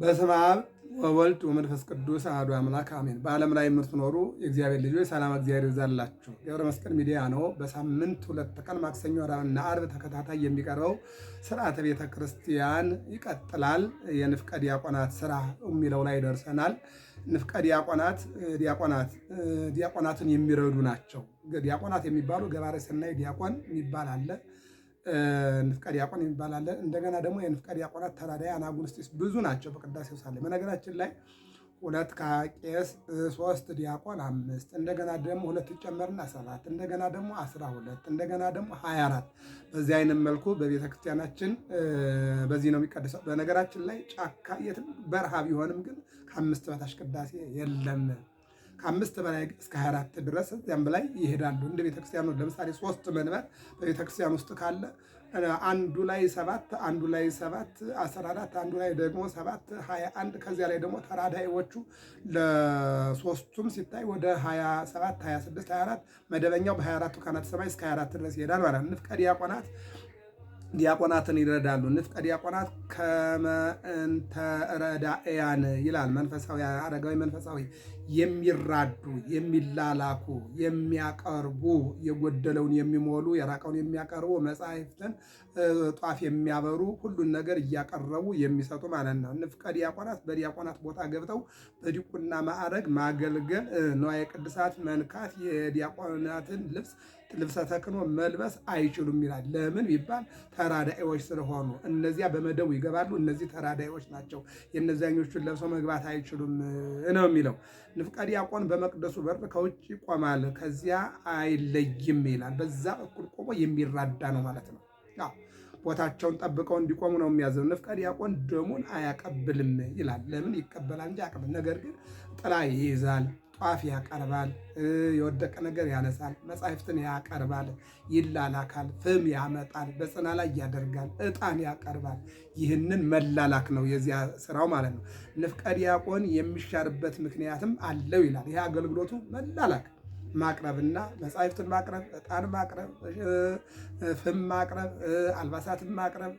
በስመ አብ ወወልድ ወመንፈስ ቅዱስ አሐዱ አምላክ አሜን። በዓለም ላይ የምትኖሩ የእግዚአብሔር ልጆች ሰላም እግዚአብሔር ይብዛላችሁ። ገብረ መስቀል ሚዲያ ነው። በሳምንት ሁለት ቀን ማክሰኞ እና አርብ ተከታታይ የሚቀርበው ስርዓተ ቤተ ክርስቲያን ይቀጥላል። የንፍቀ ዲያቆናት ስራ የሚለው ላይ ደርሰናል። ንፍቀ ዲያቆናት ዲያቆናት ዲያቆናትን የሚረዱ ናቸው። ዲያቆናት የሚባሉ ገባሬ ሰናይ ዲያቆን የሚባል አለ ንፍቀ ዲያቆን የሚባል እንደገና ደግሞ የንፍቀ ዲያቆናት ተራዳይ አናጉንስጢስ ብዙ ናቸው። በቅዳሴው ሳለ በነገራችን ላይ ሁለት ቄስ ሶስት ዲያቆን አምስት እንደገና ደግሞ ሁለት ጨመርና ሰባት እንደገና ደግሞ አስራ ሁለት እንደገና ደግሞ ሀያ አራት በዚህ አይነት መልኩ በቤተክርስቲያናችን በዚህ ነው የሚቀደሰው። በነገራችን ላይ ጫካ የትም በረሃ ቢሆንም ግን ከአምስት በታች ቅዳሴ የለም። ከአምስት በላይ እስከ 24 ድረስ እዚያም በላይ ይሄዳሉ። እንደ ቤተክርስቲያኑ ለምሳሌ ሶስት መንበር በቤተክርስቲያን ውስጥ ካለ አንዱ ላይ ሰባት አንዱ ላይ ሰባት አስራ አራት አንዱ ላይ ደግሞ ሰባት ሀያ አንድ ከዚያ ላይ ደግሞ ተራዳይዎቹ ለሶስቱም ሲታይ ወደ ሀያ ሰባት ሀያ ስድስት ሀያ አራት መደበኛው በሀያ አራቱ ካህናተ ሰማይ እስከ ሀያ አራት ድረስ ይሄዳል ማለት ንፍቀ ዲያቆናት ዲያቆናትን ይረዳሉ። ንፍቀ ዲያቆናት ከመ እንተ ረዳእያን ይላል። መንፈሳዊ አረጋዊ መንፈሳዊ የሚራዱ የሚላላኩ፣ የሚያቀርቡ የጎደለውን የሚሞሉ የራቀውን የሚያቀርቡ መጻሕፍትን ጧፍ የሚያበሩ ሁሉን ነገር እያቀረቡ የሚሰጡ ማለት ነው። ንፍቀ ዲያቆናት በዲያቆናት ቦታ ገብተው በዲቁና ማዕረግ ማገልገል፣ ንዋየ ቅድሳት መንካት፣ የዲያቆናትን ልብስ ልብሰ ተክህኖ መልበስ አይችሉም ይላል። ለምን ቢባል ተራዳኢዎች ስለሆኑ፣ እነዚያ በመደቡ ይገባሉ፣ እነዚህ ተራዳኢዎች ናቸው። የእነዚያኞቹን ለብሰው መግባት አይችሉም ነው የሚለው። ንፍቀ ዲያቆን በመቅደሱ በር ከውጭ ይቆማል፣ ከዚያ አይለይም ይላል። በዛ በኩል ቆሞ የሚራዳ ነው ማለት ነው። ቦታቸውን ጠብቀው እንዲቆሙ ነው የሚያዘው። ንፍቀ ዲያቆን ደሙን አያቀብልም ይላል። ለምን ይቀበላል እንጂ አያቀብል። ነገር ግን ጥላ ይይዛል ጧፍ ያቀርባል፣ የወደቀ ነገር ያነሳል፣ መጻሕፍትን ያቀርባል፣ ይላላካል፣ ፍም ያመጣል፣ በጽና ላይ ያደርጋል፣ ዕጣን ያቀርባል። ይህንን መላላክ ነው የዚያ ስራው ማለት ነው። ንፍቀ ዲያቆን የሚሻርበት ምክንያትም አለው ይላል። ይህ አገልግሎቱ መላላክ ማቅረብና መጻሕፍትን ማቅረብ፣ ዕጣን ማቅረብ፣ ፍም ማቅረብ፣ አልባሳትን ማቅረብ፣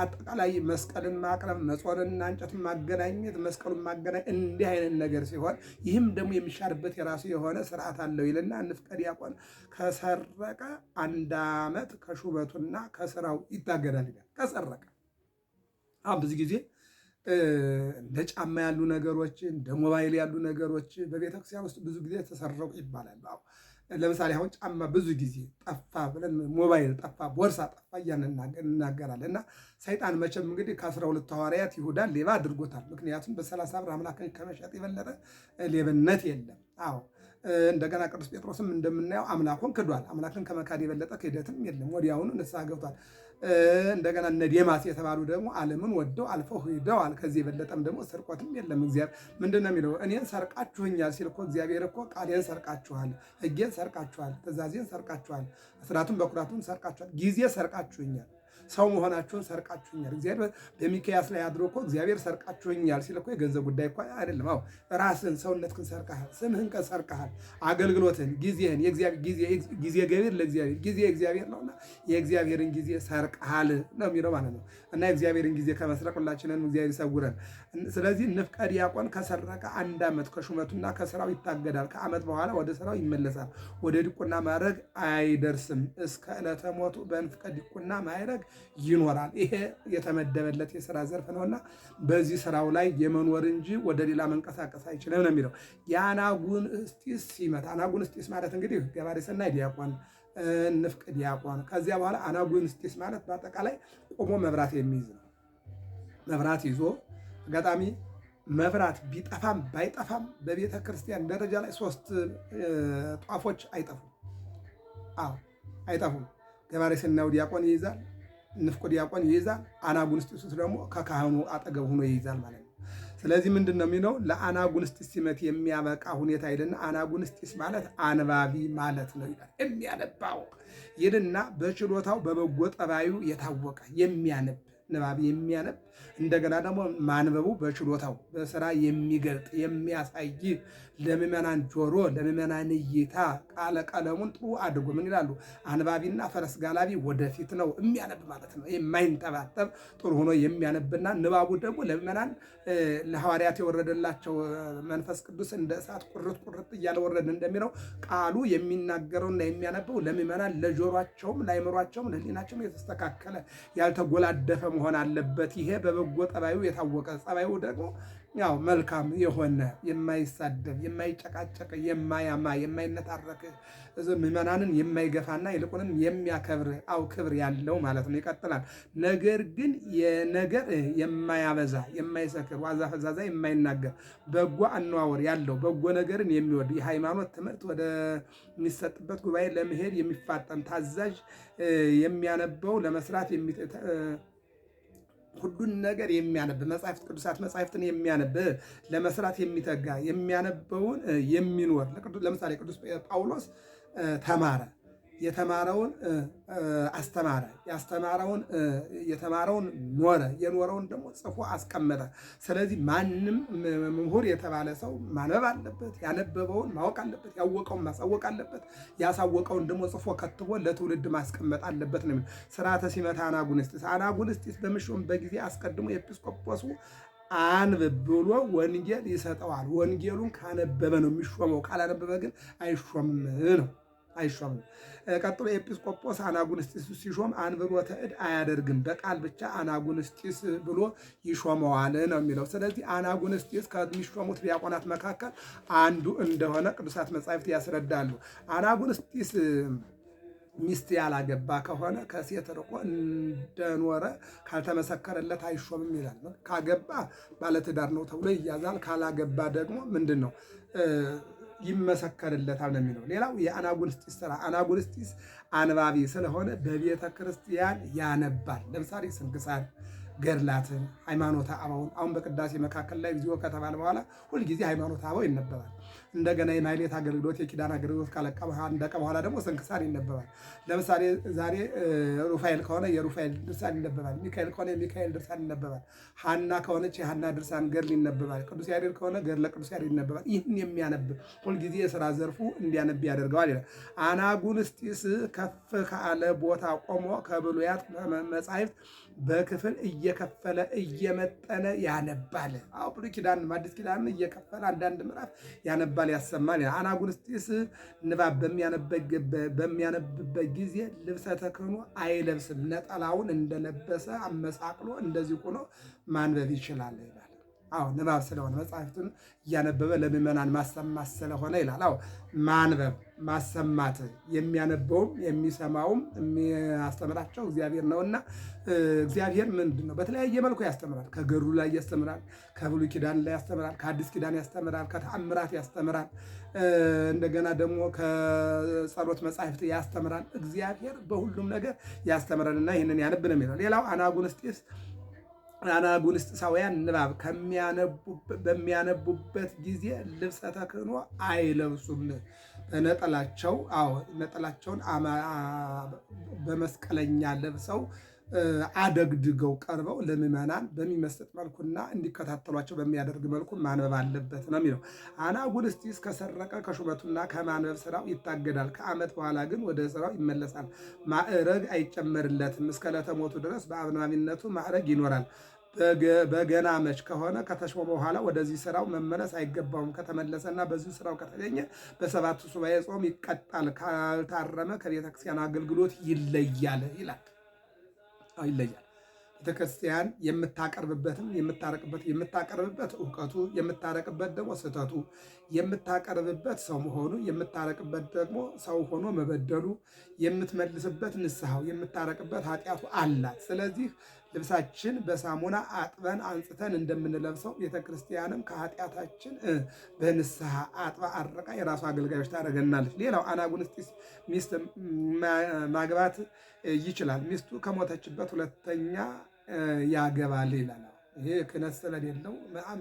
አጠቃላይ መስቀልን ማቅረብ፣ መጾንና እንጨትን ማገናኘት፣ መስቀሉን ማገናኘት እንዲህ አይነት ነገር ሲሆን ይህም ደግሞ የሚሻርበት የራሱ የሆነ ስርዓት አለው ይልና ንፍቀ ዲያቆን ከሰረቀ አንድ ዓመት ከሹመቱና ከስራው ይታገዳል ይላል። ከሰረቀ ብዙ ጊዜ እንደ ጫማ ያሉ ነገሮች፣ እንደ ሞባይል ያሉ ነገሮች በቤተክርስቲያን ውስጥ ብዙ ጊዜ ተሰረቁ ይባላሉ። ለምሳሌ አሁን ጫማ ብዙ ጊዜ ጠፋ ብለን ሞባይል ጠፋ፣ ቦርሳ ጠፋ እያን እናገራለን እና ሰይጣን መቼም እንግዲህ ከአስራ ሁለቱ ሐዋርያት ይሁዳን ሌባ አድርጎታል። ምክንያቱም በሰላሳ ብር አምላክን ከመሸጥ የበለጠ ሌብነት የለም። አዎ እንደገና ቅዱስ ጴጥሮስም እንደምናየው አምላኩን ክዷል። አምላክን ከመካድ የበለጠ ክህደትም የለም። ወዲያውኑ ንስሐ ገብቷል። እንደገና እነ ዴማስ የተባሉ ደግሞ ዓለምን ወደው አልፈው ሂደዋል። ከዚህ የበለጠም ደግሞ ስርቆትም የለም። እግዚአብሔር ምንድን ነው የሚለው? እኔን ሰርቃችሁኛል ሲል እኮ እግዚአብሔር እኮ ቃሌን ሰርቃችኋል፣ ሕጌን ሰርቃችኋል፣ ትእዛዜን ሰርቃችኋል፣ ስርዓቱን በኩራቱን ሰርቃችኋል፣ ጊዜ ሰርቃችሁኛል ሰው መሆናችሁን ሰርቃችሁኛል። እግዚአብሔር በሚክያስ ላይ አድሮ እኮ እግዚአብሔር ሰርቃችሁኛል ሲል እኮ የገንዘብ ጉዳይ እኮ አይደለም። አዎ ራስን ሰውነትህን ሰርቀሃል፣ ስምህን ሰርቀሃል፣ አገልግሎትን፣ ጊዜህን ጊዜ ገቢር ለእግዚአብሔር ጊዜ እግዚአብሔር ነውና የእግዚአብሔርን ጊዜ ሰርቀሃል ነው የሚለው ማለት ነው። እና የእግዚአብሔርን ጊዜ ከመስረቅ ሁላችንን እግዚአብሔር ይሰውረን። ስለዚህ ንፍቀ ዲያቆን ከሰረቀ አንድ ዓመት ከሹመቱና ከስራው ይታገዳል። ከዓመት በኋላ ወደ ስራው ይመለሳል። ወደ ዲቁና ማዕረግ አይደርስም። እስከ ዕለተ ሞቱ በንፍቀ ዲቁና ማዕረግ ይኖራል። ይሄ የተመደበለት የስራ ዘርፍ ነውና በዚህ ስራው ላይ የመኖር እንጂ ወደ ሌላ መንቀሳቀስ አይችልም ነው የሚለው። የአናጉን የአናጉንስጢስ አናጉን አናጉንስጢስ ማለት እንግዲህ ገባሬሰናይ ዲያቆን ንፍቅ ዲያቆን ከዚያ በኋላ አናጉንስጢስ ማለት በአጠቃላይ ቆሞ መብራት የሚይዝ ነው። መብራት ይዞ ገጣሚ መብራት ቢጠፋም ባይጠፋም በቤተ ክርስቲያን ደረጃ ላይ ሶስት ጧፎች አይጠፉም። አዎ አይጠፉም። ገባሬ ስናው ዲያቆን ይይዛል፣ ንፍቁ ዲያቆን ይይዛል፣ አናጉንስጢስ ደግሞ ከካህኑ አጠገብ ሆኖ ይይዛል ማለት ነው። ስለዚህ ምንድን ነው የሚለው ለአናጉንስጢስ ሲመት የሚያበቃ ሁኔታ ይልና አናጉንስጢስ ማለት አንባቢ ማለት ነው ይላል። የሚያነባው ይልና በችሎታው በበጎ ጠባዩ የታወቀ የሚያነብ ንባቢ የሚያነብ እንደገና ደግሞ ማንበቡ በችሎታው በስራ የሚገልጥ የሚያሳይ ለምዕመናን ጆሮ ለምዕመናን እይታ ቃለ ቀለሙን ጥሩ አድርጎ ምን ይላሉ አንባቢና ፈረስ ጋላቢ ወደፊት ነው የሚያነብ ማለት ነው። የማይንጠባጠብ ጥሩ ሆኖ የሚያነብና ንባቡ ደግሞ ለምዕመናን ለሐዋርያት የወረደላቸው መንፈስ ቅዱስ እንደ እሳት ቁርጥ ቁርጥ እያለ ወረደ እንደሚለው ቃሉ የሚናገረውና የሚያነበው ለምዕመናን ለጆሯቸውም ለአይምሯቸውም ለሕሊናቸውም የተስተካከለ ያልተጎላደፈ መሆን አለበት ይሄ ለበጎ ጠባዩ የታወቀ ጸባዩ ደግሞ ያው መልካም የሆነ የማይሳደብ፣ የማይጨቃጨቅ፣ የማያማ፣ የማይነታረክ ምዕመናንን የማይገፋና ይልቁንም የሚያከብር አው ክብር ያለው ማለት ነው። ይቀጥላል። ነገር ግን የነገር የማያበዛ የማይሰክር ዋዛ ፈዛዛ የማይናገር በጎ አነዋወር ያለው በጎ ነገርን የሚወድ የሃይማኖት ትምህርት ወደሚሰጥበት ጉባኤ ለመሄድ የሚፋጠን ታዛዥ የሚያነበው ለመስራት ሁሉን ነገር የሚያነብ መጽሐፍት ቅዱሳት መጽሐፍትን የሚያነብ ለመስራት የሚተጋ የሚያነበውን የሚኖር ለምሳሌ ቅዱስ ጳውሎስ ተማረ የተማረውን አስተማረ፣ ያስተማረውን የተማረውን ኖረ፣ የኖረውን ደግሞ ጽፎ አስቀመጠ። ስለዚህ ማንም ምሁር የተባለ ሰው ማንበብ አለበት፣ ያነበበውን ማወቅ አለበት፣ ያወቀውን ማሳወቅ አለበት፣ ያሳወቀውን ደግሞ ጽፎ ከትቦ ለትውልድ ማስቀመጥ አለበት ነው። ስርዓተ ሲመታ አናጉንስጢስ አናጉንስጢስ በምሾም በጊዜ አስቀድሞ ኤጲስቆጶሱ አንብ ብሎ ወንጌል ይሰጠዋል። ወንጌሉን ካነበበ ነው የሚሾመው፣ ካላነበበ ግን አይሾምም ነው። አይሾምም። ቀጥሎ ኤጲስቆጶስ አናጉንስጢስ ሲሾም አንብሮተ እድ አያደርግም፣ በቃል ብቻ አናጉንስጢስ ብሎ ይሾመዋል ነው የሚለው። ስለዚህ አናጉንስጢስ ከሚሾሙት ዲያቆናት መካከል አንዱ እንደሆነ ቅዱሳት መጻሕፍት ያስረዳሉ። አናጉንስጢስ ሚስት ያላገባ ከሆነ ከሴት ርቆ እንደኖረ ካልተመሰከረለት አይሾምም ይላል። ካገባ ባለትዳር ነው ተብሎ ይያዛል። ካላገባ ደግሞ ምንድን ነው ይመሰከርለታል ነው የሚለው። ሌላው የአናጉልስጢስ ስራ፣ አናጉልስጢስ አንባቢ ስለሆነ በቤተ ክርስቲያን ያነባል። ለምሳሌ ስንክሳር፣ ገድላትን፣ ሃይማኖተ አበውን አሁን በቅዳሴ መካከል ላይ ጊዜው ከተባለ በኋላ ሁልጊዜ ሃይማኖተ አበው ይነበባል። እንደገና የማህሌት አገልግሎት፣ የኪዳን አገልግሎት ካለቃ እንደቀ በኋላ ደግሞ ስንክሳር ይነበባል። ለምሳሌ ዛሬ ሩፋኤል ከሆነ የሩፋኤል ድርሳን ይነበባል። ሚካኤል ከሆነ የሚካኤል ድርሳን ይነበባል። ሀና ከሆነች የሀና ድርሳን ገድል ይነበባል። ቅዱስ ያሬድ ከሆነ ገድለ ቅዱስ ያሬድ ይነበባል። ይህን የሚያነብ ሁልጊዜ የስራ ዘርፉ እንዲያነብ ያደርገዋል ይላል። አናጉንስጢስ ከፍ ከአለ ቦታ ቆሞ ከብሉያት መጻሕፍት በክፍል እየከፈለ እየመጠነ ያነባል። አዎ ብሉይ ኪዳን አዲስ ኪዳን እየከፈለ አንዳንድ ምዕራፍ ያነባል፣ ያሰማል። አናጉንስጢስ ንባብ በሚያነብበት ጊዜ ልብሰ ተክህኖ አይለብስም። ነጠላውን እንደለበሰ አመሳቅሎ እንደዚህ ሆኖ ማንበብ ይችላል። አዎ ንባብ ስለሆነ መጽሐፍቱን እያነበበ ለምዕመናን ማሰማት ስለሆነ ይላል። አዎ ማንበብ ማሰማት፣ የሚያነበውም የሚሰማውም የሚያስተምራቸው እግዚአብሔር ነውና እግዚአብሔር ምንድን ነው? በተለያየ መልኩ ያስተምራል። ከገድሉ ላይ ያስተምራል፣ ከብሉይ ኪዳን ላይ ያስተምራል፣ ከአዲስ ኪዳን ያስተምራል፣ ከተአምራት ያስተምራል፣ እንደገና ደግሞ ከጸሎት መጻሕፍት ያስተምራል። እግዚአብሔር በሁሉም ነገር ያስተምራልና ይህንን ያነብንም ይላል። ሌላው አናጉንስጢስ አናጉንስጢሳውያን ንባብ በሚያነቡበት ጊዜ ልብሰ ተክህኖ አይለብሱም። ነጠላቸው ነጠላቸውን በመስቀለኛ ለብሰው አደግድገው ቀርበው ለምዕመናን በሚመስጥ መልኩና እንዲከታተሏቸው በሚያደርግ መልኩ ማንበብ አለበት ነው የሚለው። አናጉንስጢስ ከሰረቀ ከሹመቱና ከማንበብ ስራው ይታገዳል። ከዓመት በኋላ ግን ወደ ስራው ይመለሳል። ማዕረግ አይጨመርለትም። እስከ ዕለተ ሞቱ ድረስ በአንባቢነቱ ማዕረግ ይኖራል። በገና መች ከሆነ ከተሾመ በኋላ ወደዚህ ስራው መመለስ አይገባውም። ከተመለሰና በዚህ ስራው ከተገኘ በሰባቱ ሱባኤ ጾም ይቀጣል፣ ካልታረመ ከቤተክርስቲያን አገልግሎት ይለያል ይላል። ይለያል። ቤተክርስቲያን የምታቀርብበትም የምታረቅበት የምታቀርብበት እውቀቱ የምታረቅበት ደግሞ ስህተቱ የምታቀርብበት ሰው መሆኑ የምታረቅበት ደግሞ ሰው ሆኖ መበደሉ የምትመልስበት ንስሐው የምታረቅበት ኃጢአቱ አላት። ስለዚህ ልብሳችን በሳሙና አጥበን አንጽተን እንደምንለብሰው ቤተ ክርስቲያንም ከኃጢአታችን በንስሐ አጥባ አረቃ የራሱ አገልጋዮች ታደርገናለች። ሌላው አናጉንስጢስ ሚስት ማግባት ይችላል። ሚስቱ ከሞተችበት ሁለተኛ ያገባል ይላል። ይህ ክህነት ስለሌለው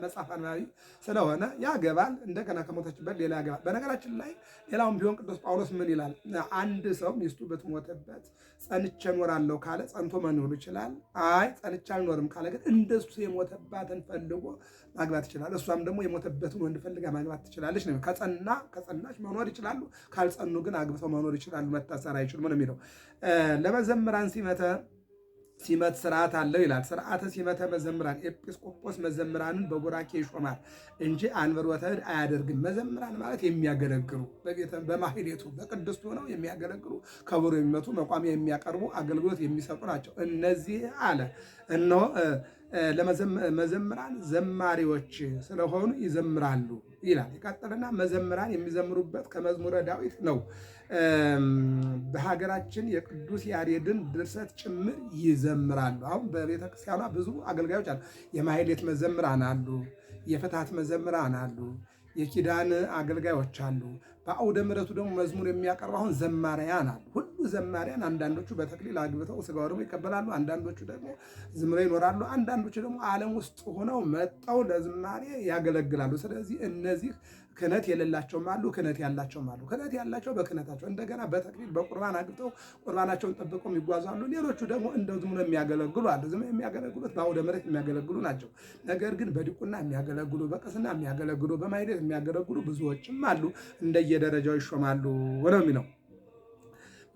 መጽሐፍ አንባቢ ስለሆነ ያገባል፣ እንደገና ከሞተችበት ሌላ ያገባል። በነገራችን ላይ ሌላውም ቢሆን ቅዱስ ጳውሎስ ምን ይላል? አንድ ሰው ሚስቱ ብትሞትበት ጸንቼ እኖራለሁ ካለ ጸንቶ መኖር ይችላል። አይ ጸንቼ አልኖርም ካለ ግን እንደሱ የሞተባትን ፈልጎ ማግባት ይችላል። እሷም ደግሞ የሞተበትን ወንድ ፈልጋ ማግባት ትችላለች ነው። ከጸና ከጸናች መኖር ይችላሉ፣ ካልጸኑ ግን አግብተው መኖር ይችላሉ። መታሰር አይችሉም ነው የሚለው ለመዘምራን ሲመተ ሲመት ስርዓት አለው ይላል። ስርዓተ ሲመተ መዘምራን ኤጲስቆጶስ መዘምራንን በቡራኬ ይሾማል እንጂ አንብሮተ እድ አያደርግም። መዘምራን ማለት የሚያገለግሉ በማህሌቱ በቅድስቱ ነው የሚያገለግሉ ከበሮ የሚመቱ መቋሚያ የሚያቀርቡ አገልግሎት የሚሰጡ ናቸው። እነዚህ አለ እነሆ መዘምራን ዘማሪዎች ስለሆኑ ይዘምራሉ ይላል። ይቀጥልና መዘምራን የሚዘምሩበት ከመዝሙረ ዳዊት ነው። በሀገራችን የቅዱስ ያሬድን ድርሰት ጭምር ይዘምራሉ። አሁን በቤተክርስቲያኗ ብዙ አገልጋዮች አሉ። የማህሌት መዘምራን አሉ፣ የፍታት መዘምራን አሉ፣ የኪዳን አገልጋዮች አሉ። አውደ ምሕረቱ ደግሞ መዝሙር የሚያቀርብ አሁን ዘማሪያን ሁሉ ዘማሪያን አንዳንዶቹ በተክሊል አግብተው ስጋው ደግሞ ይቀበላሉ። አንዳንዶቹ ደግሞ ዝምሬ ይኖራሉ። አንዳንዶቹ ደግሞ ዓለም ውስጥ ሆነው መጠው ለዝማሬ ያገለግላሉ። ስለዚህ እነዚህ ክህነት የሌላቸውም አሉ፣ ክህነት ያላቸውም አሉ። ክህነት ያላቸው በክህነታቸው እንደገና በተክሊል በቁርባን አግብተው ቁርባናቸውን ጠብቀው ይጓዛሉ። ሌሎቹ ደግሞ እንደ ዝም የሚያገለግሉ አሉ። ዝም የሚያገለግሉት በአውደ መሬት የሚያገለግሉ ናቸው። ነገር ግን በዲቁና የሚያገለግሉ፣ በቅስና የሚያገለግሉ፣ በማይደት የሚያገለግሉ ብዙዎችም አሉ። እንደየደረጃው ይሾማሉ ነው የሚለው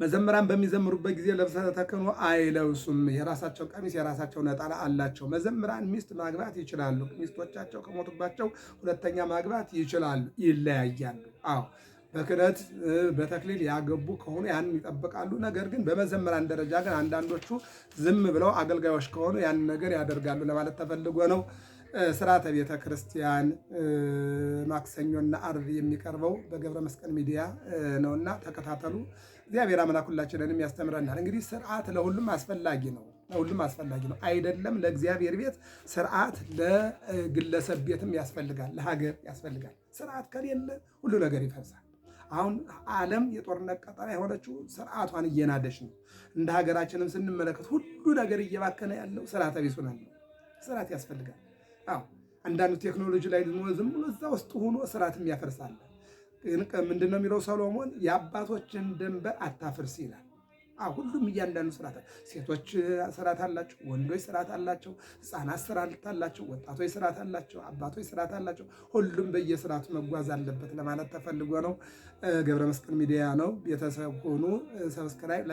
መዘምራን በሚዘምሩበት ጊዜ ልብሰ ተክህኖ አይለብሱም። የራሳቸው ቀሚስ፣ የራሳቸው ነጠላ አላቸው። መዘምራን ሚስት ማግባት ይችላሉ። ሚስቶቻቸው ከሞቱባቸው ሁለተኛ ማግባት ይችላሉ። ይለያያሉ። አዎ በክህነት በተክሊል ያገቡ ከሆኑ ያንን ይጠብቃሉ። ነገር ግን በመዘምራን ደረጃ ግን አንዳንዶቹ ዝም ብለው አገልጋዮች ከሆኑ ያንን ነገር ያደርጋሉ ለማለት ተፈልጎ ነው። ስርዓተ ቤተ ክርስቲያን ማክሰኞና አርብ የሚቀርበው በገብረ መስቀል ሚዲያ ነውና ተከታተሉ። እግዚአብሔር አምላክ ሁላችንንም ያስተምረናል። እንግዲህ ስርዓት ለሁሉም አስፈላጊ ነው፣ ለሁሉም አስፈላጊ ነው አይደለም። ለእግዚአብሔር ቤት ስርዓት ለግለሰብ ቤትም ያስፈልጋል፣ ለሀገር ያስፈልጋል። ስርዓት ከሌለ ሁሉ ነገር ይፈርሳል። አሁን ዓለም የጦርነት ቀጠና የሆነችው ስርዓቷን እየናደች ነው። እንደ ሀገራችንም ስንመለከት ሁሉ ነገር እየባከነ ያለው ስርዓተ ቢስ ሆኗል። ስርዓት ያስፈልጋል። አዎ አንዳንዱ ቴክኖሎጂ ላይ ዝም ብሎ እዛ ውስጥ ሆኖ ስርዓትም ያፈርሳል። ምንድን የሚለው ሰሎሞን የአባቶችን ድንበር አታፍርስ ይላል። ሁሉም እያንዳንዱ ስርዓት ሴቶች ስርዓት አላቸው፣ ወንዶች ስርዓት አላቸው፣ ህፃናት ስርዓት አላቸው፣ ወጣቶች ስርዓት አላቸው፣ አባቶች ስርዓት አላቸው። ሁሉም በየስርዓቱ መጓዝ አለበት ለማለት ተፈልጎ ነው። ገብረ መስቀል ሚዲያ ነው። ቤተሰብ ሆኑ። ሰብስክራይብ፣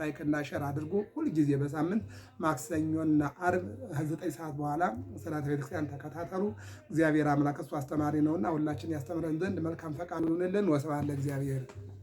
ላይክ እና ሸር አድርጎ ሁልጊዜ በሳምንት ማክሰኞና አርብ ዘጠኝ ሰዓት በኋላ ስርዓተ ቤተክርስቲያን ተከታተሉ። እግዚአብሔር አምላክ እሱ አስተማሪ ነውና ሁላችን ያስተምረን ዘንድ መልካም ፈቃድ ይሁንልን። ወስብሐት ለእግዚአብሔር።